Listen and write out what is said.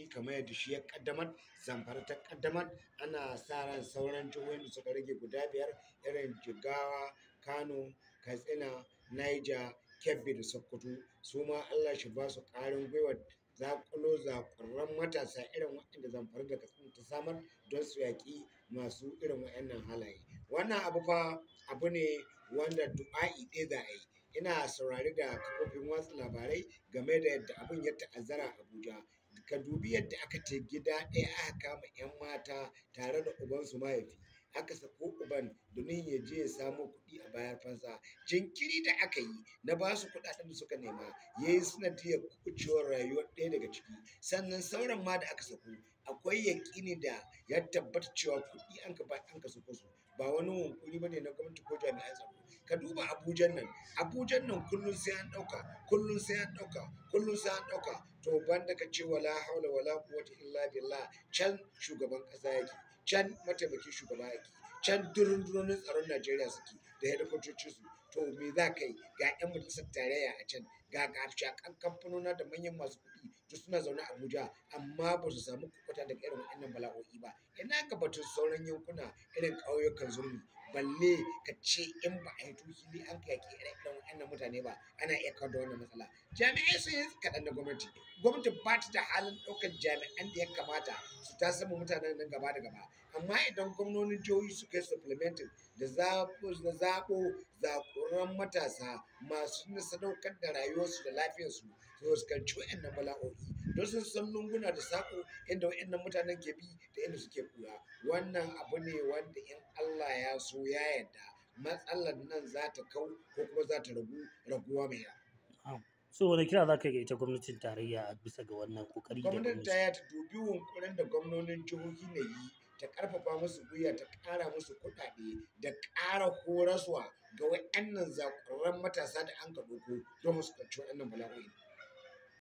kuɗi kamar yadda shi ya kaddamar zamfara ta kaddamar ana sa ran sauran jihohin da suka rage guda biyar irin jigawa kano katsina niger kebbi da sokoto su ma allah shi ba su ƙarin gwiwa zakulo zakurran matasa irin waɗanda zamfara da katsina ta samar don su yaƙi masu irin waɗannan halaye wannan abu fa abu ne wanda du'a'i ɗaya za a yi ina saurari da kafofin watsa labarai game da yadda abin ya ta'azzara a Abuja. Ka dubi yadda aka ce gida ɗaya aka kama 'yan mata tare da ubansu mahaifi. Aka sako uban domin ya je ya samo kuɗi a bayar fansa. Jinkiri da aka yi na ba su kuɗaɗen da suka nema ya yi sanadiyar kucewar rayuwar ɗaya daga ciki. Sannan sauran ma da aka sako akwai yaƙini da ya tabbata cewa kuɗi an ka ba an ka sako su ba wani hunkuri ba ne na gwamnati ko jami'an tsaro. ka duba abujan nan abujan nan kullum sai an ɗauka kullum sai an ɗauka kullum sai an ɗauka to banda ka ce wala haula wala quwwata illa billah can shugaban ƙasa yake can mataimakin shugaba yake can durundunonin tsaron Najeriya suke da hedikwatocin su to me za ka yi ga 'yan majalisar tarayya a can ga shakan kamfanonin da manyan masu kuɗi duk suna zaune Abuja amma ba su samu kukuta daga irin wannan bala'o'i ba ina ga batun sauran yankuna irin ƙauyukan zurmi balle ka ce in ba a yi ne an ka yaƙi irin wannan mutane ba ana iya kawo da wannan matsala jami'ai sun yi kaɗan da gwamnati gwamnati ba ta da halin ɗaukar jami'an da ya kamata su ta sama mutanen nan gaba da gaba amma idan gwamnonin jihohi su kai supplementing da zaɓo zaƙuran matasa masu sadaukar da rayuwarsu da lafiyarsu su fuskanci waɗannan bala'o'i don sun san lunguna da sako inda wa'annan mutanen ke bi da inda suke kula wannan abu ne wanda in Allah ya so ya yadda matsalar nan za ta kau ko kuma za ta ragu raguwa mai yawa so wani kira za ka ga ita gwamnatin tarayya a bisa ga wannan kokari da gwamnatin tarayya ta dubi hunkurin da gwamnonin jihohi na yi ta karfafa musu gwiwa ta kara musu kuɗaɗe da kara horaswa ga wa'annan zakuran matasa da an ka doko don su ɗauki waɗannan bala'o'i